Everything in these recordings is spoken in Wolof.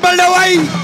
Bible the way.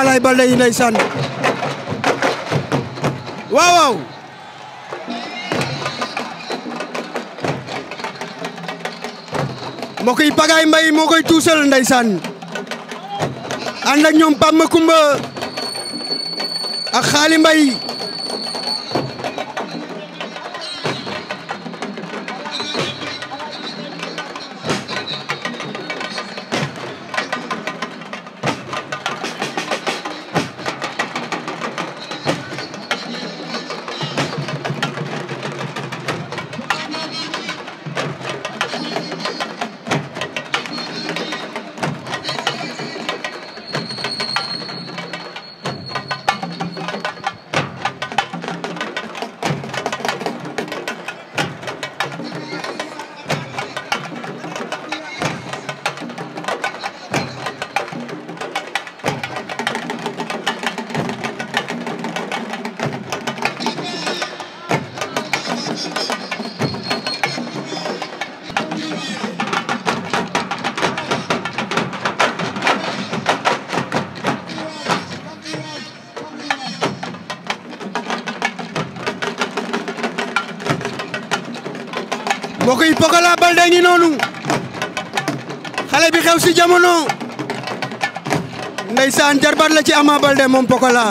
Falaye Baldé yi ndeysaan waaw waaw mbokk yi Pagaye Mbaye moo koy tuusal ndeysaan ànd ak ñoom Pam Kumba ak Xaali Mbaye da ngi noonu xale bi xew si jamono ndeysaan jarbaat la ci Ama Baldé moom Pokola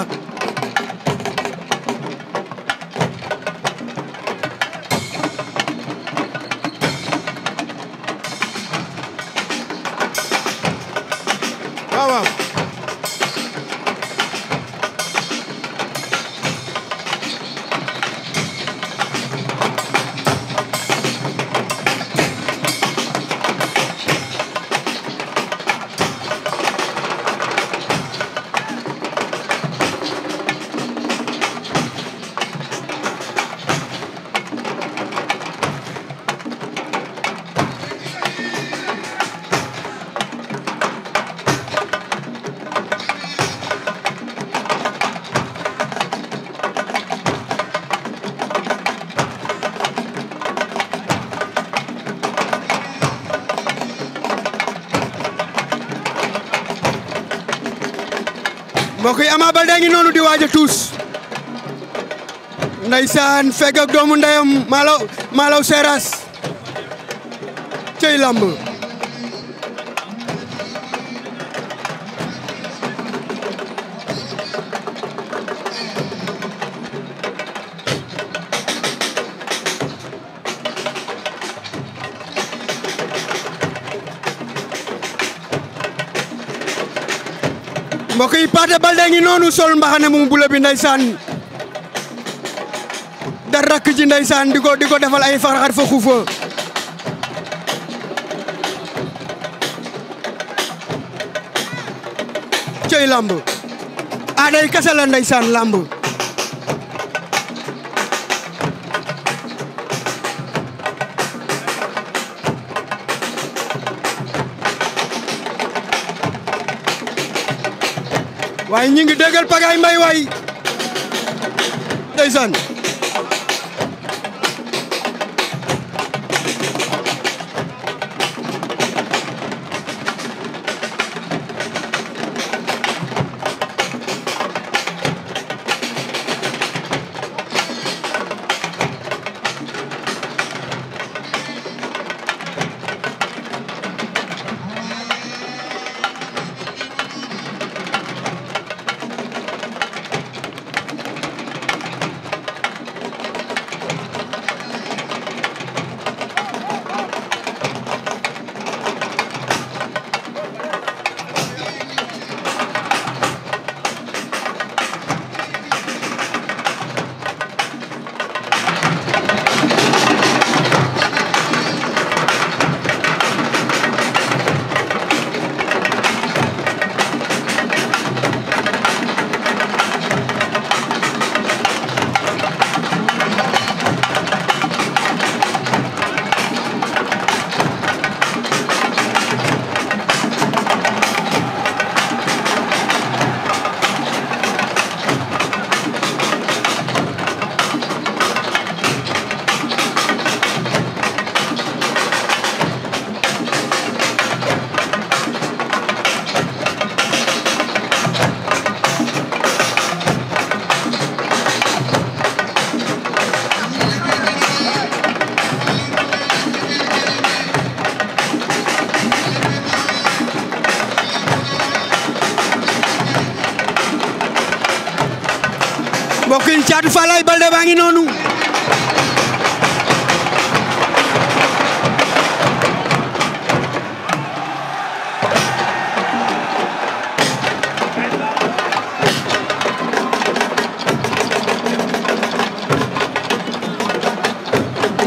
ndeysaan fekk ak yang ndeyam Malaw Seras cey lambu. mbokk pada Pathé nonu sol mbahane mu bula bi rakk ji ndeysaan di ko di defal ay farxat fa xuufa cey lamb aaday kese la ndeysaan lamb waaye ñi ngi déggal pagaay mbay waay ndeysaan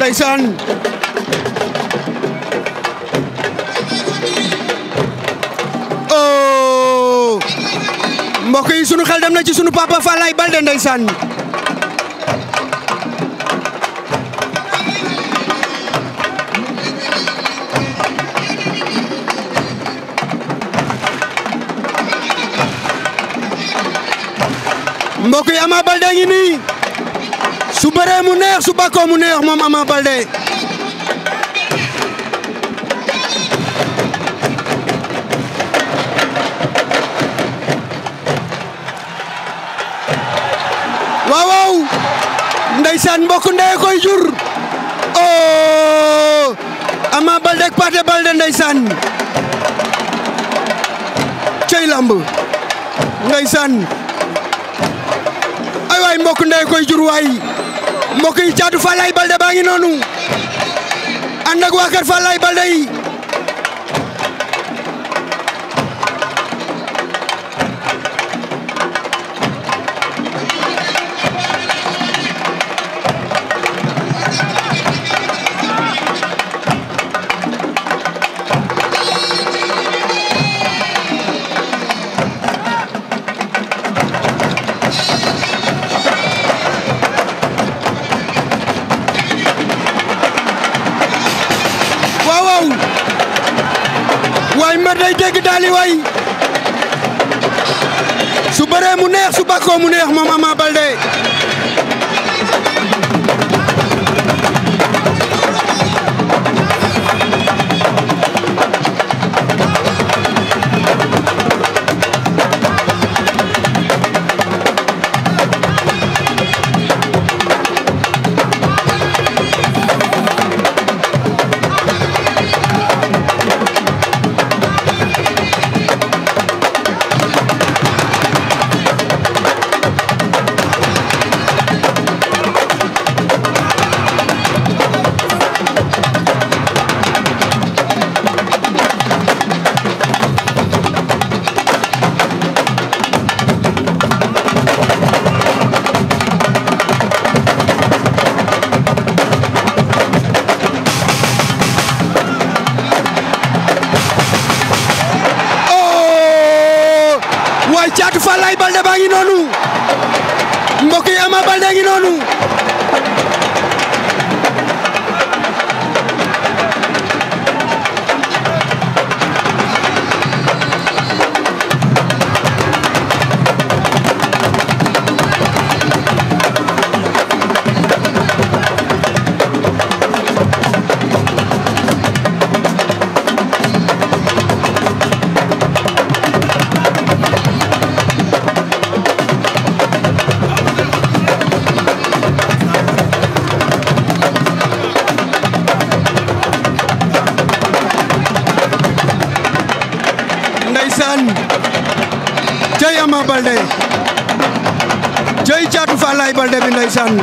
Foundation. oh mbokk yi sunu xel dem na ci sunu papa Falaye balde ndeysaan mbokk yi Ama balde ngi nii su bëree mu neex su mu neex moom Ama Baldé waaw waaw ndeysaan mbokk ndey koy jur oh Ama Baldé ak Pathé Baldé ndeysaan cey lamb ndeysaan ay waay mbokk ndey koy jur waay mbokk yi caatu Falaye Baldé baa ngi noonu ànd ak waa yi way su bëree mu neex su bakkoo mu neex moom Ama Baldé Caatu Fallaye Balde baa ngi noonu mbokk yi Ama Balde ngi noonu Ama Baldé jëy caatu Falaye Baldé bi ndeysaan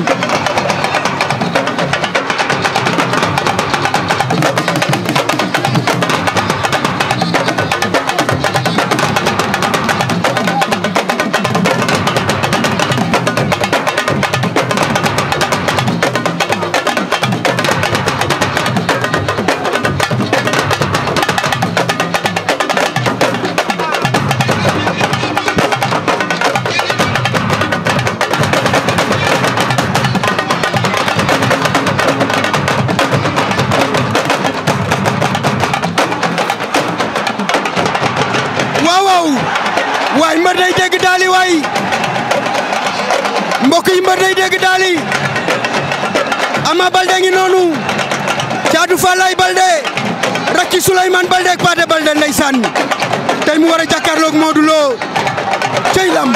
mbër day dégg daali waay mbokk yi mbër day dégg daali Ama Baldé ngi noonu Caatu Falaay Baldé rakki Souleymane Baldé ak Pathé Baldé ndeysaan tey mu war a moo du loo cey lamb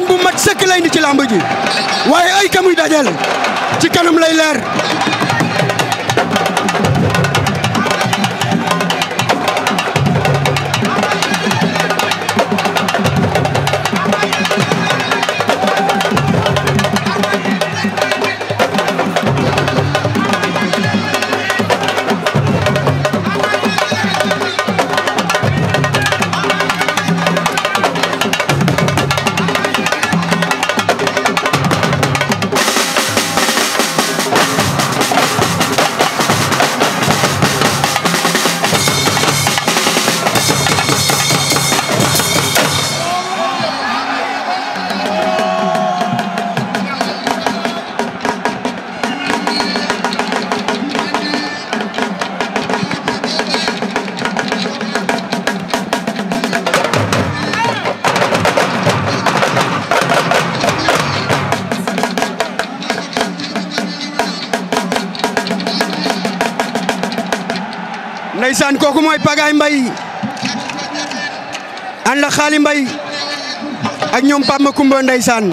gañ bu mat sëkk lay ni ci làmb ji waaye ay kamuy dajeel ci kanam lay leer Pagaay Mbaye an la Xaali Mbaye ak ñoom Pape Makumba ndeysaan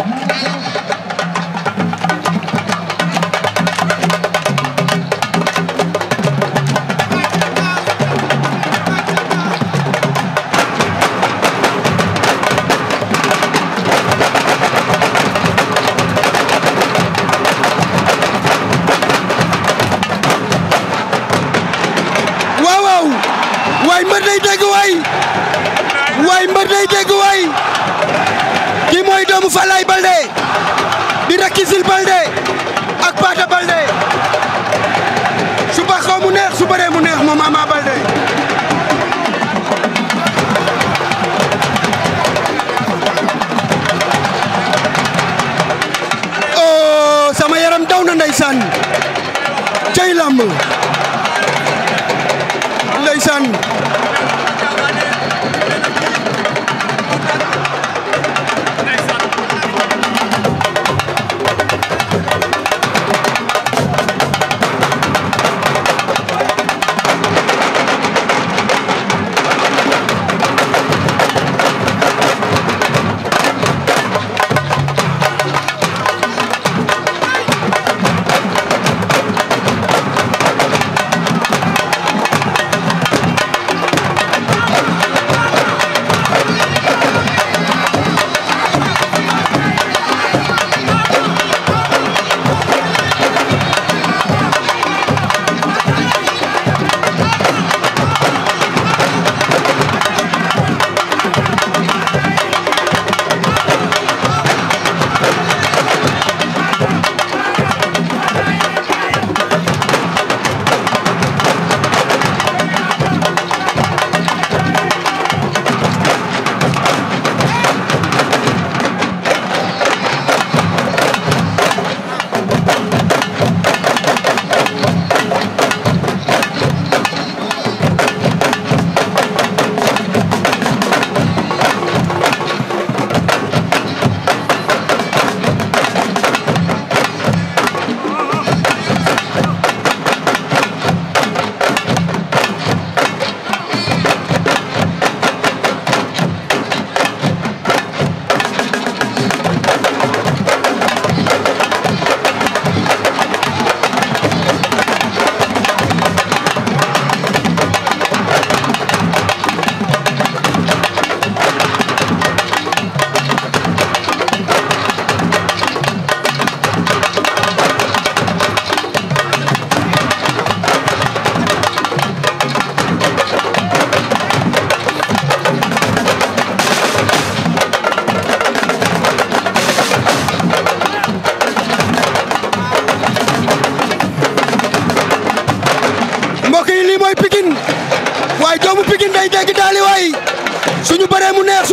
daw na ndeysaan cey làmb ndeysaan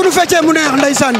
suñu feccee mu neex ndeysaan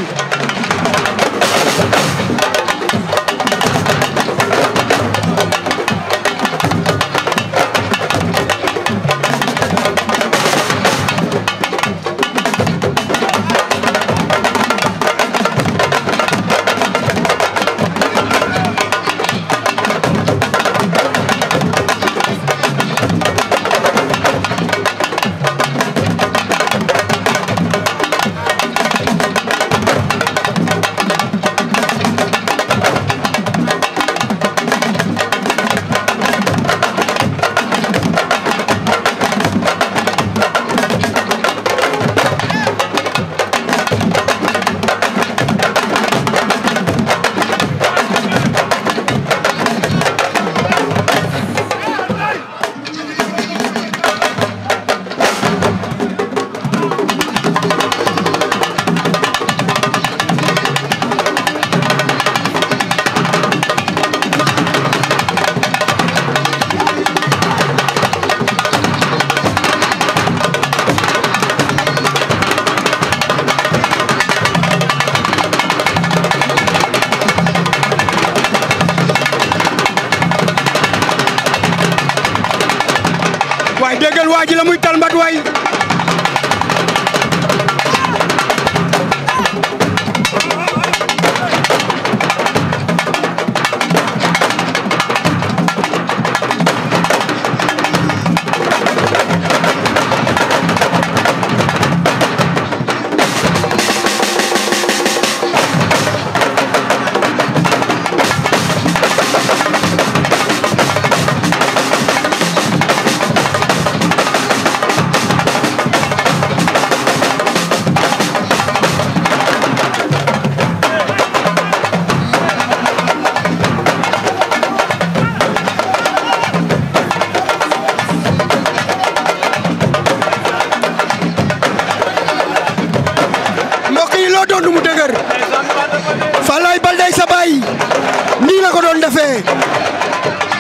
bem.